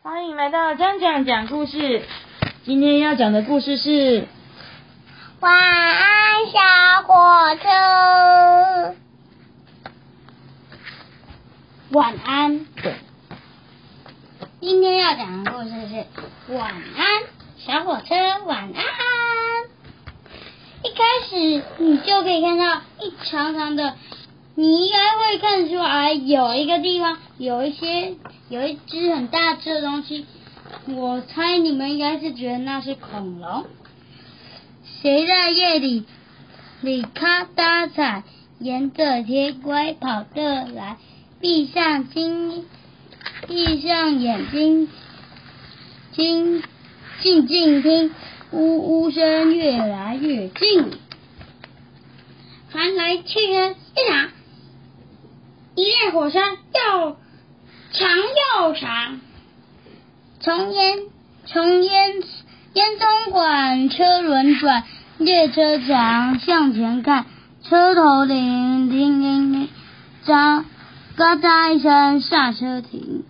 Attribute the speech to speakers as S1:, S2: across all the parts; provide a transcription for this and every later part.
S1: 歡迎來到江江講故事。今天要講的故事是《晚安小火車》。晚安。對。今天要講的故事是《晚安小火車》。晚安。一開始你就可以看到一長長的，你應該會看出來有一個地方有一些。有一隻很大隻的東西，我猜你們應該是覺得那是恐龍。誰在夜裡裡咔噠踩，沿着鐵軌跑的來？閉上睛，閉上眼睛，靜靜靜聽，嗚嗚聲越來越近，傳來汽車，那啥，一列火車要。長又長，從煙從煙煙囪管，車輪轉，列車長向前看，車頭鈴叮鈴鈴，張嘎扎一聲，下車停。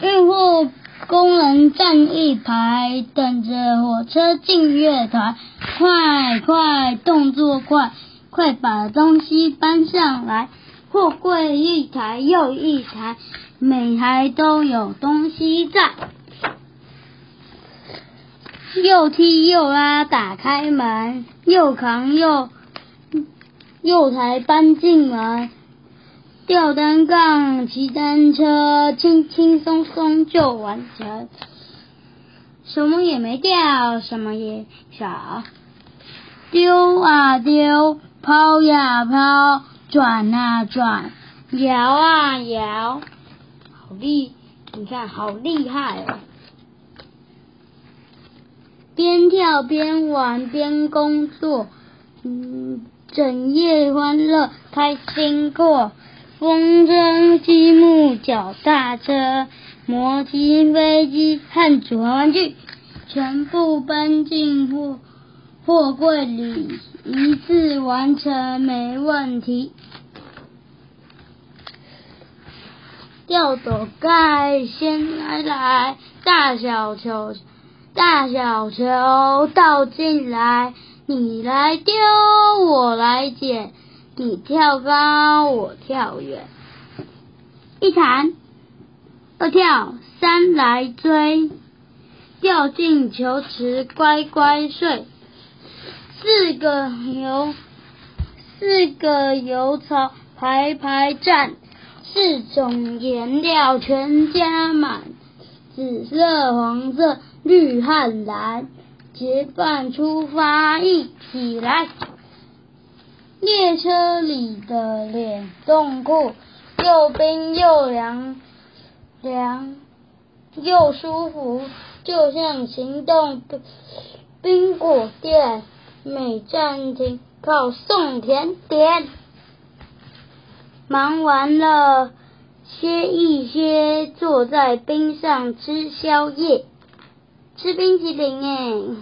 S1: 運貨工人站一排，等着火車進月台，快快動作快。快把東西搬上來，貨櫃一台又一台，每台都有東西在。又踢又拉打開門，又扛又又抬搬進門。吊單槓，騎單車，輕輕鬆鬆就完成，什麼也沒掉，什麼也沒少。丟啊丟！拋呀拋，轉啊轉，搖啊搖，好厲，你看好厲害哦、啊！邊跳邊玩邊工作，嗯，整夜歡樂開心過。風箏、積木、腳踏車、模型飛機、和族玩，玩具，全部搬進屋。貨櫃裡一次完成沒問題。掉斗蓋，先來來，大小球，大小球倒進來，你來丟，我來撿，你跳高，我跳遠，一彈，二跳，三來追，掉進球池乖乖睡。四個油，四個油槽排排站，四種顏料全加滿，紫色、黃色、綠和藍，結伴出發一起來。列車裡的冷凍庫，又冰又涼涼，又舒服，就像行動的冰果店。每站停靠送甜點，忙完了歇一歇，坐在冰上吃宵夜，吃冰淇淋哎、欸！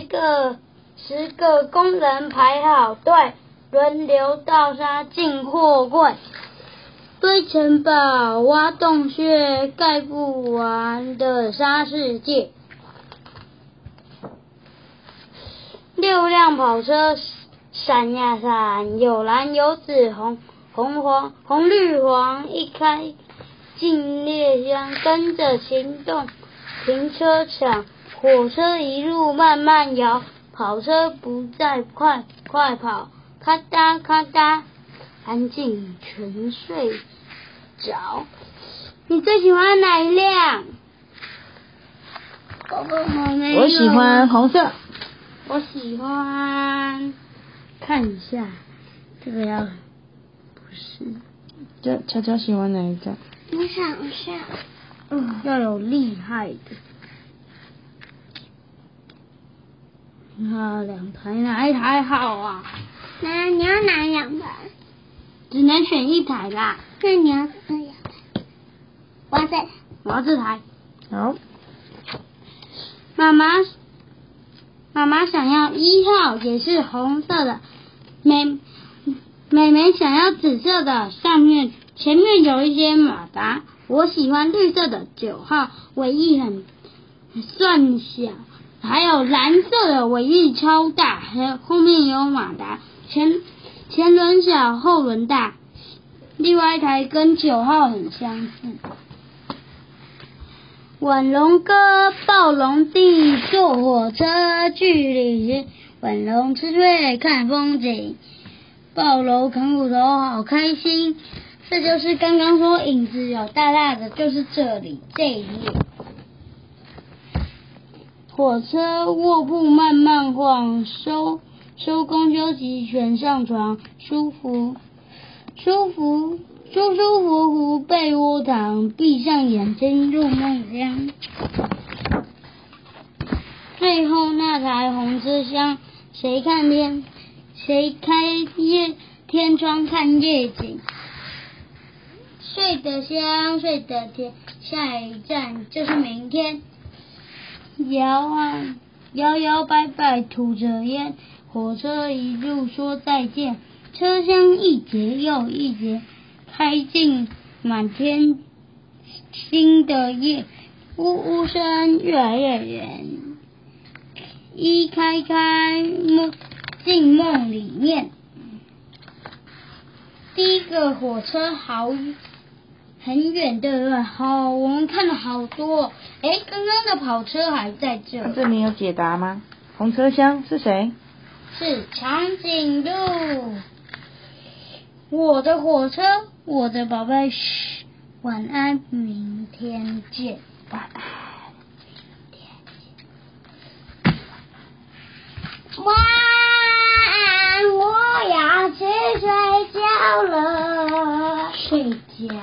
S1: 十個十個工人排好隊，輪流倒沙進貨櫃，堆城堡、挖洞穴，蓋不完的沙世界。六輛跑車閃呀閃，有藍有紫紅紅黃紅綠黃，一開進獵箱，跟着行動。停車場，火車一路慢慢搖，跑車不再快快跑，咔噠咔噠，安靜沉睡着。你最喜歡哪一輛？我喜歡紅色。我喜歡看一下這個呀，不是，這江江喜歡哪一個？你想一下，嗯，要有厲害的，那、啊、兩台哪一台好啊？那你要哪兩台？只能選一台啦。那你要哪兩台？哇塞，我要這台。好，媽媽。媽媽想要一號，也是紅色的。妹妹想要紫色的，上面前面有一些馬達。我喜歡綠色的九號，尾翼很，很算小，還有藍色的尾翼超大，還有後面有馬達，前前輪小，後輪大。另外一台跟九號很相似。晚龍哥，暴龍弟，坐火車去旅行。晚龍吃睡看風景，暴龍啃骨頭，好開心。這就是剛剛說影子有大大的，就是這裡這一頁。火車臥鋪慢慢晃，收收工休息全上床，舒服舒服。舒舒服服被窩躺，閉上眼睛入夢鄉。最後那台紅車廂，誰看天？誰開天窗看夜景？睡得香，睡得甜，下一站就是明天。搖啊搖搖擺擺吐着煙，火車一路說再見，車廂一節又一節。開進滿天星的夜，嗚嗚聲越來越遠。一開開夢進夢裡面，第一個火車好很遠的遠，好我們看了好多。哎，剛剛的跑車還在這。這裡有解答嗎？紅車廂是誰？是長頸鹿。我的火車，我的寶貝，噓，晚安，明天見。晚安，明天見。晚安，我要去睡覺了。睡覺。